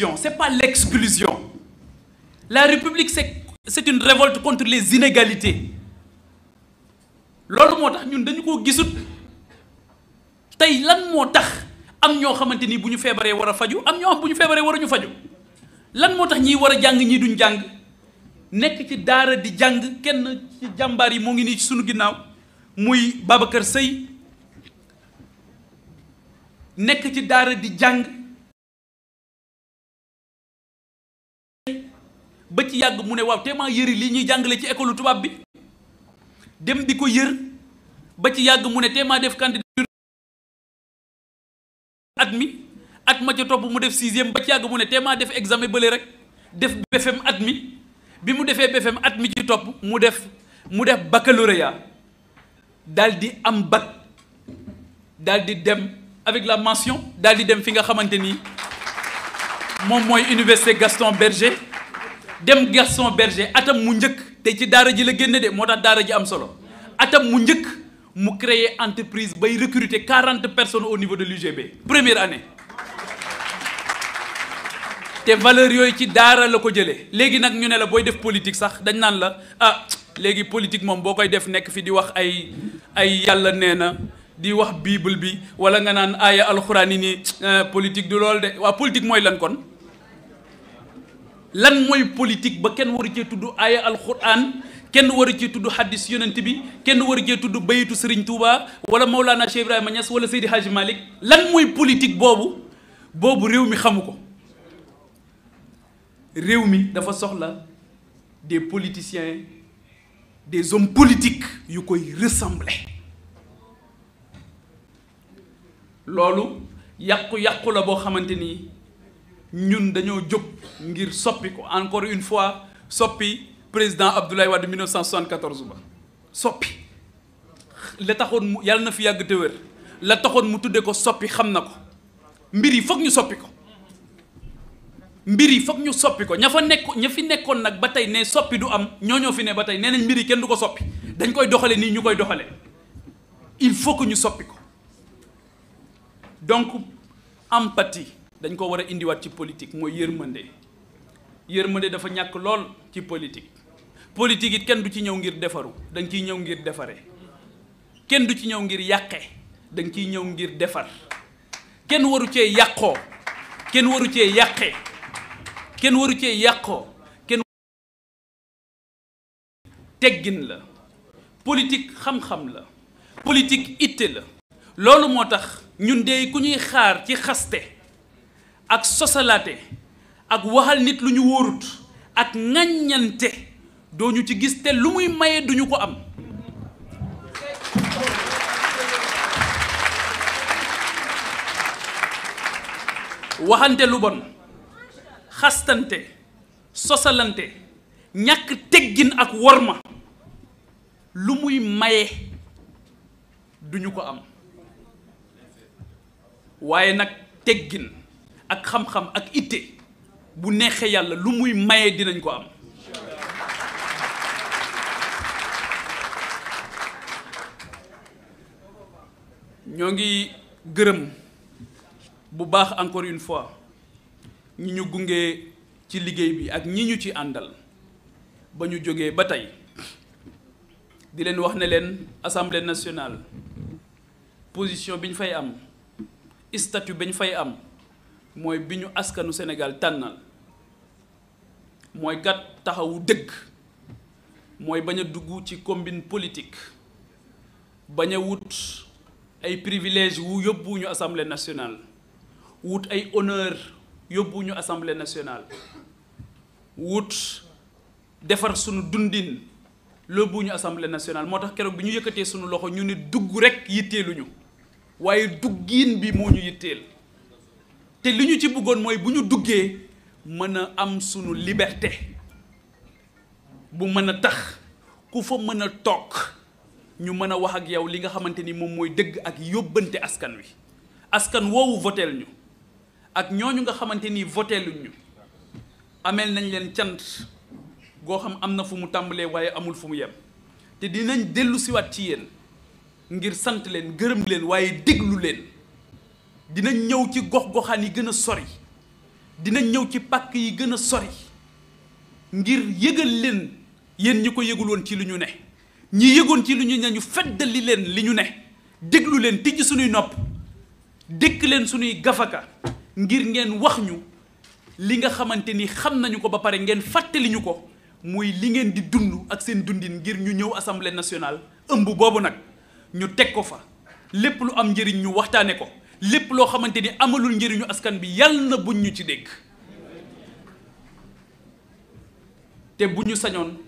l'exclusion c'est pas l'exclusion la république c'est c'est une révolte contre les inégalités loolu moo tax ñun dañu ko gisut tey lan moo tax am ñoo xamante ni bu ñu feebaree war a faju am ñoo xam bu ñu feebaree war a ñu faju lan moo tax ñiy war a jàng ñii duñ jàng nekk ci daara di jàng kenn ci jàmbaar yi moo ngi nii ci sunu ginnaaw muy Babacar Seye nekk ci daara di jàng ba ci yàgg mu ne waaw tellement yëri lii ñuy jàngale ci école tubaab bi dem di ko yër ba ci yàgg mu ne tellement def candidature at mi at ma ca mu def sixième ba ci yàgg mu ne def examen bële rek def BFM at mi bi mu defee BFM at mi ci topp mu def mu def baccalauréat dal di am bac dal di dem avec la mention daal di dem fi nga xamante ni moom mooy université Gaston Berger dem Gaston Berger atam mu njëkk te ci daara ji la génne de moo tax daara ji am solo atam mu njëkk mu créer entreprise bay recruter quarante personnes au niveau de l'UGB première année te valeur yooyu ci daara la ko jëlee léegi nag ñu ne la booy def politique sax dañ naan la ah léegi politique moom boo koy def nekk fi di wax ay ay yàlla nee na di wax bible bi wala nga naan aaya alxuraan yi nii eh, politique du lool de waa politique mooy lan kon lan mooy politique ba kenn waru cee tudd aaya alquran kenn waru cee tudd hadis yonent bi kenn waru cee tudd bayitu Serigne Touba wala Maulana Cheikh ma Niass wala Seydi Hadji malik lan mooy politique boobu boobu réew mi xamu ko réew mi dafa soxla des politiciens des hommes politiques yu koy ressembler loolu yàqu-yàqu la boo xamante ni. ñun dañoo jóg ngir soppi ko encore une fois soppi président Abdoulaye Wade 1974 ba soppi la taxoon mu yàlla na fi yàgg te wér la taxoon mu tuddee ko soppi xam na ko mbir yi foog ñu soppi ko mbir yi foog ñu soppi ko ña fa nekk ña fi nekkoon nag ba tey ne soppi du am ñoo ñoo fi ne ba tey nee nañ mbir yi kenn du ko soppi dañ koy doxale nii ñu koy doxale il faut que ñu soppi ko donc empathie dañ ko wara indiwaat ci politik mooy yërmande yërmande dafa ñàkk lool ci politik politique it kenn du ci ñëw ngir defaru dañ ciy ñëw ngir defare kenn du ci ñëw ngir yàqe dañ ciy ñëw ngir defar kenn waru cee yàqoo kenn waru cee yàqe kenn waru cee yàqoo kenn teggin la politik xam-xam la politik itte la loolu moo tax ñun de ku ñuy xaar ci xaste ak sosalaate ak waxal nit lu ñu wóorut ak ŋàññante dooñu ci gis te lu muy maye duñu ko am waxante lu bon xastante sosalante ñàkk teggin ak worma lu muy maye duñu ko am waaye nag teggin ak xam-xam ak itte bu neexee yàlla lu muy maye dinañ ko am ñoo ngi gërëm bu baax encore une fois ñi ñu gunge ci liggéey bi ak ñi ñu ci àndal ba ñu jógee ba tey di leen wax ne leen assemblée nationale position bi ñu fay am statut bi ñu fay am mooy bi ñu askanu Sénégal tànnal mooy kat taxawu dëgg mooy bañ a dugg ci combine politik bañ a wut ay privilège wu yóbbu ñu assemblée nationale wut ay honneur yóbbu ñu assemblée wut defar sunu dundin lóbbu ñu assemblée nationale moo tax keroog bi ñu yëkkatee sunu loxo ñu ni dugg rekk yitteeluñu waaye duggiin bi moo ñu yitteel te li ñu ci bëggoon mooy bu ñu duggee mën a am sunu liberté bu mën a tax ku fa mën a toog ñu mën a wax ak yow li nga xamante ni moom mooy dëgg ak yóbbante askan wi askan woowu voteel ñu ak ñooñu nga xamante ni voteeluñ ñu ameel nañ leen cant goo xam am na fu mu tàmbalee waaye amul fu mu yem te dinañ dellu siwaat ci yéen ngir sant leen gërëm leen waaye déglu leen dina ñëw ci gox-goxaan yi gën a sori dina ñëw ci pàkk yi gën a sori ngir yëgal leen yéen ñi ko yëgul woon ci li ñu ne ñi yëgoon ci li ñu ne ñu feddali leen li ñu ne déglu leen tijji suñuy nopp dékk leen suñuy gafaka ngir ngeen wax ñu li nga xamante ni xam nañu ko ba pare ngeen fàttali ñu ko muy li ngeen di dund ak seen dundin ngir ñu ñëw assemblée nationale ëmb boobu nag ñu teg ko fa lépp lu am njëriñ ñu waxtaane ko lépp loo xamante ni amalul njëriñu askan bi yàlla na buñ ñu ci dégg te bu ñu sañoon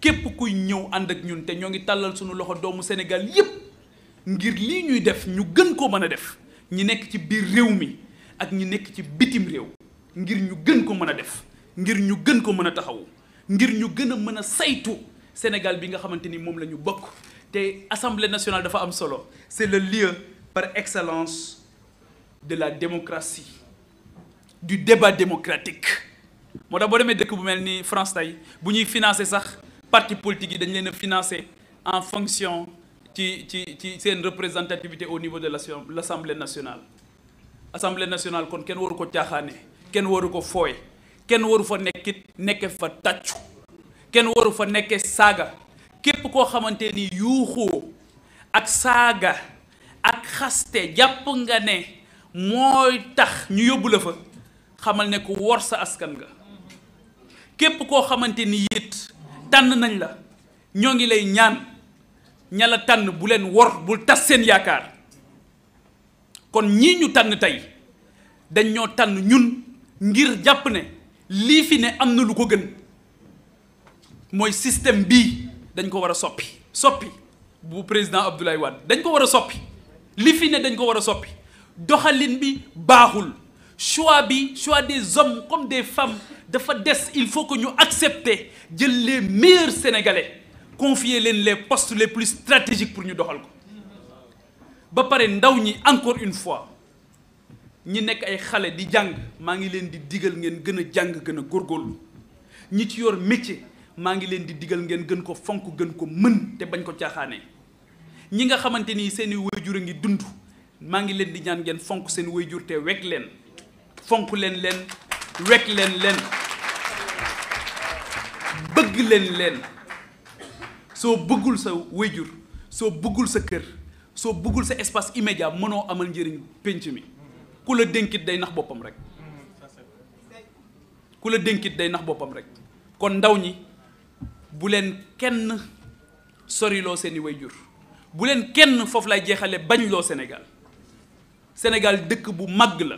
képp kuy ñëw ànd ak ñun te ñoo ngi tàllal suñu loxo doomu Sénégal yépp ngir lii ñuy def ñu gën koo mën a def ñi nekk ci biir réew mi ak ñi nekk ci bitim réew ngir ñu gën ko mën a def ngir ñu gën ko mën a taxawu ngir ñu gën a mën a saytu Sénégal bi nga xamante ni moom lañu bokk te Assemblée nationale dafa am solo c'est le lieu par excellence de la démocratie du débat démocratique moo tax boo demee dëkk bu mel nii France tey bu ñuy financer sax parti politique yi dañ leen a en fonction ci ci ci seen représentativité au niveau de l'Assemblée nationale Assemblée nationale kon kenn waru ko caaxaane kenn waru ko fooye kenn waru fa nekkit nekke fa tàccu kenn waru fa nekke saaga képp koo xamante ni yuuxoo ak saaga ak xaste jàpp nga ne mooy tax ñu yóbbu la fa xamal ne ko wor sa askan nga képp koo xamante ni it tànn nañ la ñoo ngi lay ñaan ña la tànn bu leen wor bul tas seen yaakaar kon ñii ñu tànn tey dañ ñoo tànn ñun ngir jàpp ne lii fi ne am na lu ko gën mooy système bii dañ ko war a soppi soppi bu président Abdoulaye Wade dañ ko war a soppi li fi ne dañ ko war a soppi doxalin bi baaxul choix bi choix des hommes comme des femmes dafa des il faut que ñu accepter jël les meilleurs sénégalais confier leen les postes les plus stratégiques pour ñu doxal ko ba pare ndaw ñi encore une fois ñi nekk ay xale di jàng maa ngi leen di digal ngeen gën a jàng gën a góorgóorlu ñi ci yor métier maa ngi leen di digal ngeen gën ko fonk gën ko mën te bañ ko caaxaanee ñi nga xamante ni seeni waajur a ngi dundu maa ngi leen di ñaan ngeen fonk seen waajur te wekk leen fonk leen leen wekk leen leen bëgg leen leen soo bëggul sa waajur soo bëggul sa kër soo bëggul sa espace immédiat mënoo amal njëriñ pénc mi ku la dénkit day nax boppam rek ku la dénkit day nax boppam rek kon ndaw ñi bu leen kenn soriloo seeni waajur bu leen kenn foofu lay jeexale bañ loo Sénégal Sénégal dëkk bu màgg la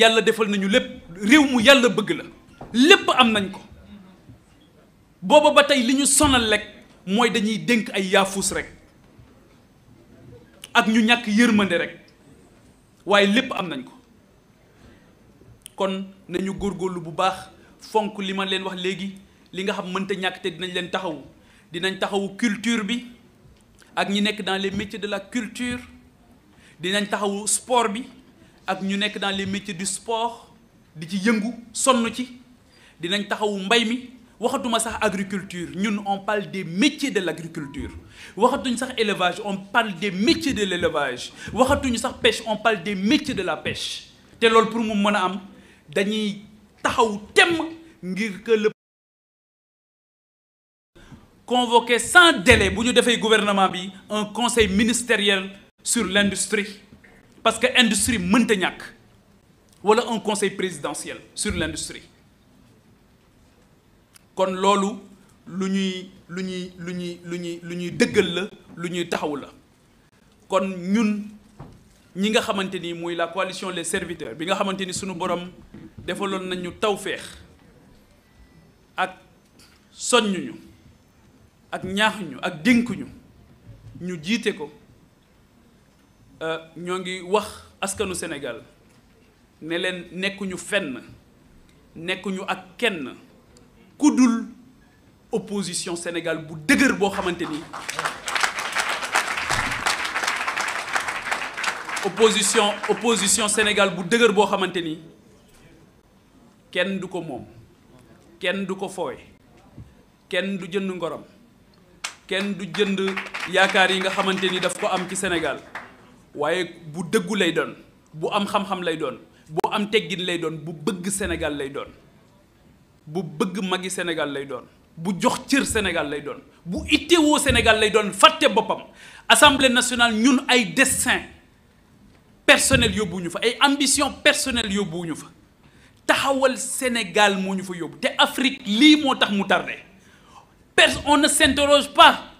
yàlla defal nañu lépp réew mu yàlla bëgg la lépp am nañ ko booba ba tey li ñu sonal rek mooy dañuy dénk ay yaafus rek ak ñu ñàkk yërmande rek waaye lépp am nañ ko kon nañu góor góorlu bu baax fonk li ma leen wax léegi li nga xam mënta ñàkk te dinañ leen taxawu dinañ taxawu culture bi ak ñi nekk dans les métiers de la culture dinañ taxawu sport bi ak ñu nekk dans les métiers du sport di ci yëngu sonn ci dinañ taxawu mbay mi waxatuma sax agriculture ñun on parle des métiers de l' agriculture waxatuñ sax élevage on parle des métiers de l' élevage waxatuñu sax pêche on pale des métiers de la pêche te loolu pour mu mën a am dañuy taxawu temm ngir que le convoqué sans délai bu ñu defee gouvernement bi un conseil ministériel sur l'industrie parce que industrie mënta ñàkk wala un conseil présidentiel sur l'industrie kon loolu lu ñuy lu ñuy lu ñuy lu ñuy lu ñuy dëggal la lu ñuy taxaw la kon ñun ñi nga xamante ni muy la coalition les serviteurs bi nga xamante ni sunu borom defaloon nañu tawféex ak soññuñu ak ñaaxuñu ak dénkuñu ñu jiite ko Euh, ñoo ngi wax askanu Sénégal ne leen nekkuñu fenn nekkuñu ak kenn ku dul opposition Sénégal bu dëgër boo xamante ni opposition opposition Sénégal bu dëgër boo xamante ni kenn du ko moom kenn du ko foowe kenn du jënd ngorom kenn du jënd yaakaar yi nga xamante ni dafa ko am ci Sénégal waaye bu dëggu lay doon bu am xam-xam lay doon bu am teggin lay doon bu bëgg Sénégal lay doon bu bëgg magi Sénégal lay doon bu jox cër Sénégal lay doon bu ittewoo Sénégal lay doon fàtte boppam assemblée nationale ñun ay destin personnel ñu fa ay ambition personnelle ñu fa taxawal Sénégal moo ñu fa yóbbu te Afrique lii moo tax mu tardé pers on ne s'interroge pas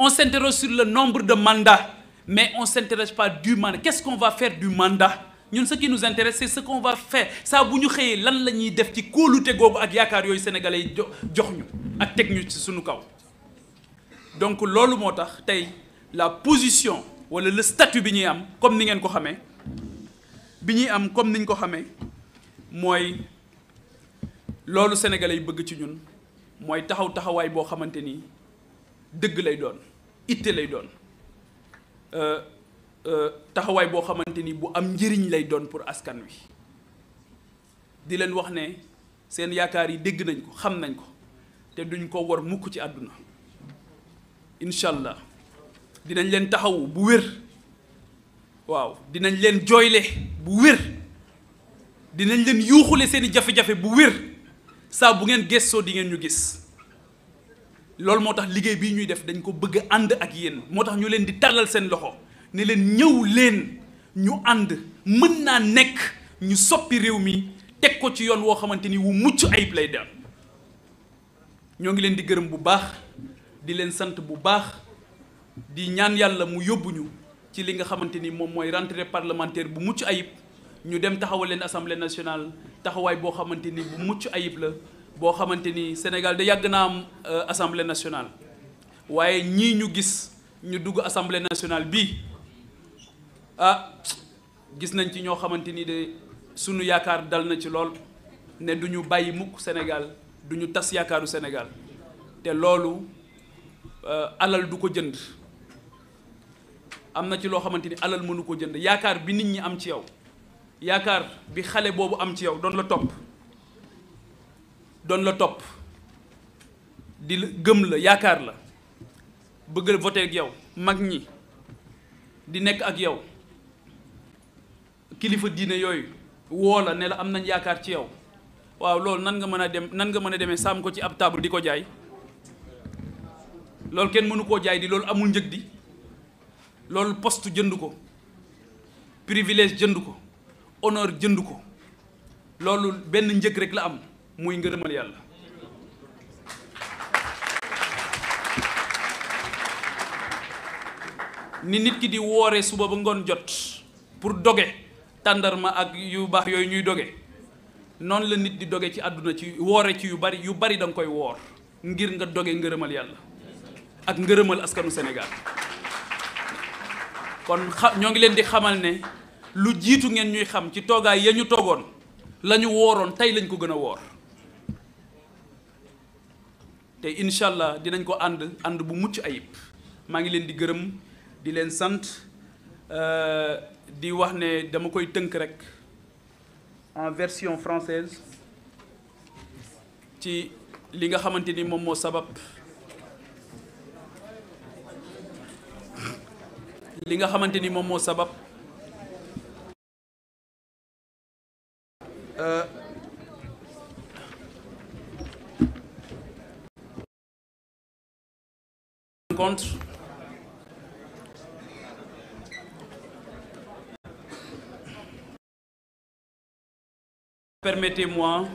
on s'interroge sur le nombre de mandats mais on s'intéresse pas du mandat qu'est-ce qu'on va faire du mandat ñun ce qui nous intéresse c'est bu ñu xëyee lan la ñuy def ci kóolute googu ak yaakaar yooyu jox ñu ak teg suñu kaw donc loolu moo tax tey la position wala le bi ñuy am comme ni ngeen ko xamee bi ñuy am comme ni niñ ko xamee mooy loolu sénégalais yi bëgg ci ñun mooy taxaw taxawaay boo xamante ni dëgg lay doon itte lay doon Euh, euh, taxawaay boo xamante ni bu am njëriñ lay doon pour askan wi di leen wax ne seen yaakaar yi dégg nañ ko xam nañ ko te duñ ko war mukk ci àdduna incha allah dinañ leen taxawu bu wér waaw dinañ leen jooyle bu wér dinañ leen yuuxule seen i jafe-jafe bu wér saa bu ngeen gëstoo di ngeen ñu gis loolu moo tax liggéey bii ñuy def dañ ko bëgg a ànd ak yéen moo tax ñu leen di tàllal seen loxo ne leen ñëw leen ñu ànd mën naa nekk ñu soppi réew mi teg ko ci yoon woo xamante ni wu mucc ayib lay dem ñoo ngi leen di gërëm bu baax di leen sant bu baax di ñaan yàlla mu yóbbuñu ci li nga xamante ni moom mooy rentre parlementaire bu mucc ayib ñu dem taxawal leen assemblée nationale taxawaay boo xamante ni bu mucc ayib la boo xamante ni Sénégal de yàgg naa am euh, assemblée nationale waaye ñii ñu gis ñu dugg assemblée nationale bii ah gis nañ ci ñoo xamante ni de sunu yaakaar dal na ci lool ne du ñu bàyyi mukk Sénégal du ñu tas yaakaaru Sénégal te loolu euh, alal du ko jënd am na ci loo xamante ni alal mënu ko jënd yaakaar bi nit ñi am ci yow yaakaar bi xale boobu am ci yow doon la topp. doon la topp di la gëm la yaakaar la bëgg voté ak yow mag ñi di nekk ak yow kilifa diine yooyu woo la ne la am nañ yaakaar ci yow waaw loolu nan nga mën a dem nan nga mën a demee sàmm ko ci ab table di ko jaay loolu kenn mënu koo jaay di loolu amul njëg di loolu poste jënd ko privilège jënd ko honneur jënd ko loolu benn njëkk rek la am muy ngërëmal yàlla ni nit ki di woore suba ba ngoon jot pour doge tàndarma ak yu baax yooyu ñuy doge noonu la nit di doge ci àdduna ci woore ci yu bari yu bari da koy woor ngir nga doge ngërëmal yàlla ak ngërëmal askanu senegal kon xa ñoo ngi leen di xamal ne lu jiitu ngeen ñuy xam ci toogaay ya ñu toogoon lañu wooroon tey lañ ko gën a woor te incha allah dinañ ko ànd ànd bu mucc ayib maa ngi leen di gërëm di leen sant euh, di wax ne dama koy tënk rek en version française ci li nga xamante ni moom moo sabab li nga xamante ni moom moo sabab contre Permettez-moi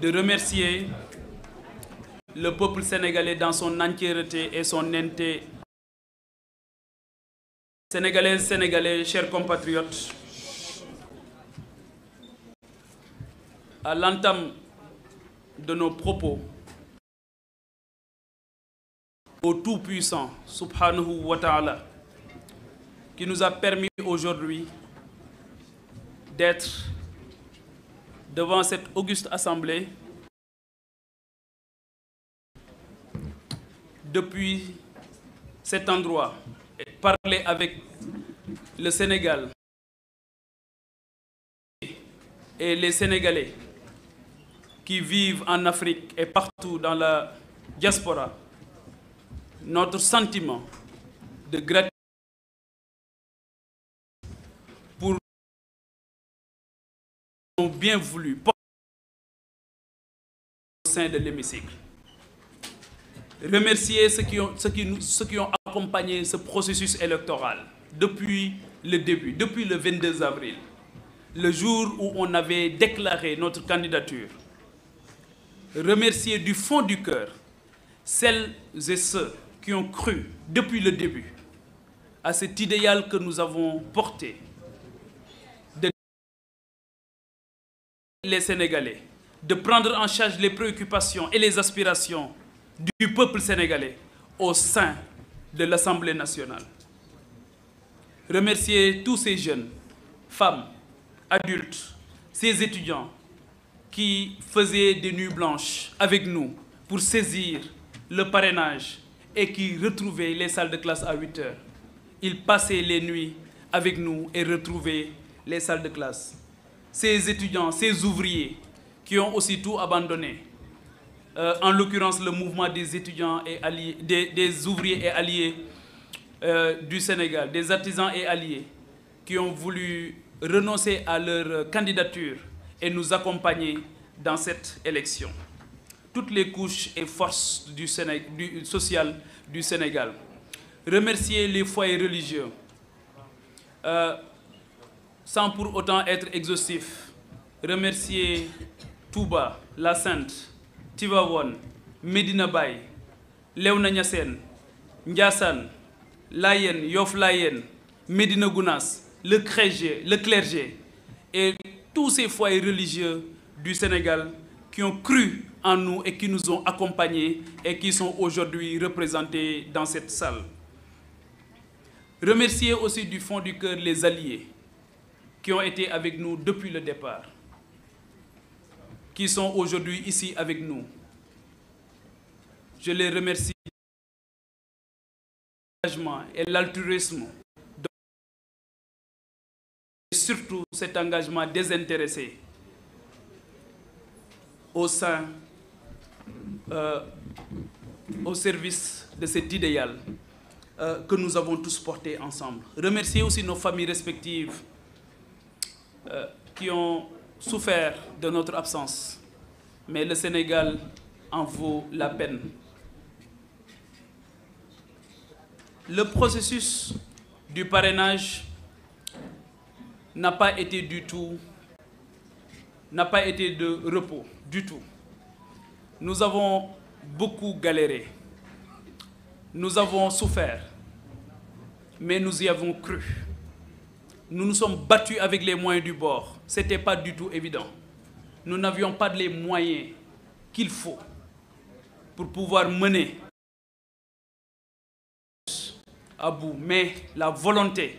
de remercier le peuple sénégalais dans son entièreté et son entièreté. Sénégalaises, Sénégalais, chers compatriotes, à l'entame de nos propos, au Tout-Puissant, subhanahu wa ta'ala, qui nous a permis aujourd'hui d'être devant cette auguste assemblée depuis cet endroit et parler avec le Sénégal et les Sénégalais qui vivent en Afrique et partout dans la diaspora. notre sentiment de gratitude pour l'hémicycle. Remercier ceux qui, ont, accompagné ce processus électoral depuis le début, depuis le 22 avril, le jour où on avait déclaré notre candidature. Remercier du fond du cœur celles et ceux qui ont cru depuis le début à cet idéal que nous avons porté de les Sénégalais, de prendre en charge les préoccupations et les aspirations du peuple sénégalais au sein de l'Assemblée nationale. Remercier tous ces jeunes, femmes, adultes, ces étudiants qui faisaient des nuits blanches avec nous pour saisir le parrainage et qui retrouvaient les salles de classe à 8 heures. Ils passaient les nuits avec nous et retrouvaient les salles de classe. Ces étudiants, ces ouvriers qui ont aussi tout abandonné, euh, en l'occurrence le mouvement des étudiants et alliés, des, des ouvriers et alliés euh, du Sénégal, des artisans et alliés, qui ont voulu renoncer à leur candidature et nous accompagner dans cette élection. toutes les couches et forces du Séné du du Sénégal remercier les foyers religieux euh, sans pour autant être exhaustif remercier Touba La Sainte Tivaouane Médina Baye Léona Niassène Ndiassane Layène Yoff Layène Médina Gounass le clergé le clergé et tous ces foyers religieux du Sénégal qui ont cru en nous et qui nous ont accompagnés et qui sont aujourd'hui représentés dans cette salle. Remercier aussi du fond du cœur les alliés qui ont été avec nous depuis le départ, qui sont aujourd'hui ici avec nous. Je les remercie l'engagement et l'altruisme, et surtout cet engagement désintéressé au sein euh, au service de cet idéal euh, que nous avons tous porté ensemble. Remercier aussi nos familles respectives euh, qui ont souffert de notre absence. Mais le Sénégal en vaut la peine. Le processus du parrainage n'a pas été du tout, n'a pas été de repos du tout. Nous avons beaucoup galéré. Nous avons souffert. Mais nous y avons cru. Nous nous sommes battus avec les moyens du bord. Ce n'était pas du tout évident. Nous n'avions pas les moyens qu'il faut pour pouvoir mener à bout. Mais la volonté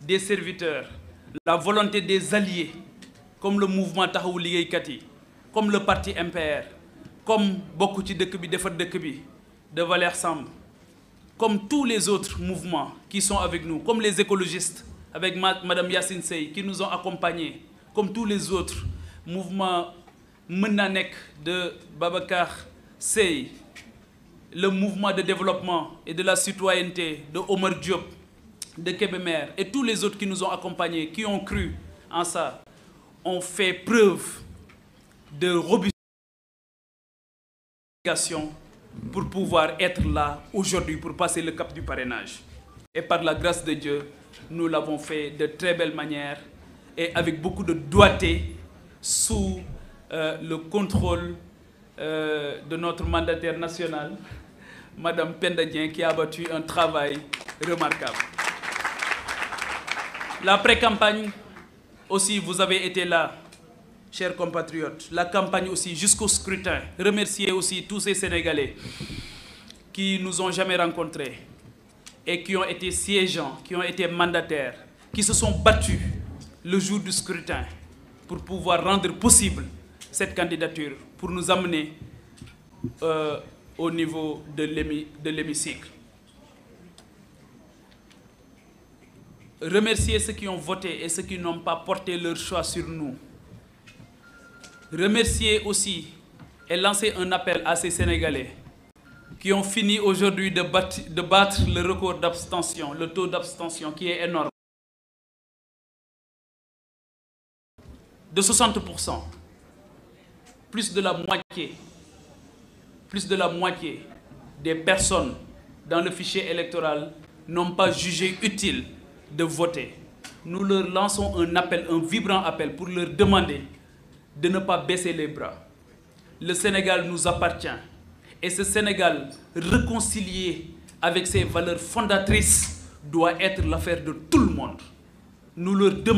des serviteurs, la volonté des alliés, comme le mouvement Taxawu Liggéeykat yi, comme le parti MPR comme bokk ci dëkk bi defar dëkk bi de Valère Samb comme tous les autres mouvements qui sont avec nous comme les écologistes avec madame Yacine Sey qui nous ont accompagnés comme tous les autres mouvements mën naa nekk de Babacar Sey le mouvement de développement et de la citoyenneté de Omar Diop de Kébémer et tous les autres qui nous ont accompagnés qui ont cru en ça ont fait preuve de robustesse pour pouvoir être là aujourd'hui pour passer le cap du parrainage. Et par la grâce de Dieu, nous l'avons fait de très belle manière et avec beaucoup de doigté sous euh, le contrôle euh, de notre mandataire national, Madame Pendadien, qui a abattu un travail remarquable. La pré-campagne, aussi, vous avez été là chers compatriote la campagne aussi jusqu'au scrutin. Remercier aussi tous ces Sénégalais qui nous ont jamais rencontrés et qui ont été siégeants, qui ont été mandataires, qui se sont battus le jour du scrutin pour pouvoir rendre possible cette candidature, pour nous amener euh, au niveau de l'hémicycle. Remercier ceux qui ont voté et ceux qui n'ont pas porté leur choix sur nous. Remercier aussi et lancer un appel à ces Sénégalais qui fini aujourd'hui de battre, de battre le record d'abstention, le taux d'abstention qui est énorme. De 60%, plus de la moitié, plus de la moitié des personnes dans le fichier électoral n'ont pas jugé utile de voter. Nous leur lançons un appel, un vibrant appel pour leur demander de ne pas baisser les bras. Le Sénégal nous appartient. Et ce Sénégal réconcilié avec ses valeurs fondatrices doit être l'affaire de tout le monde. Nous leur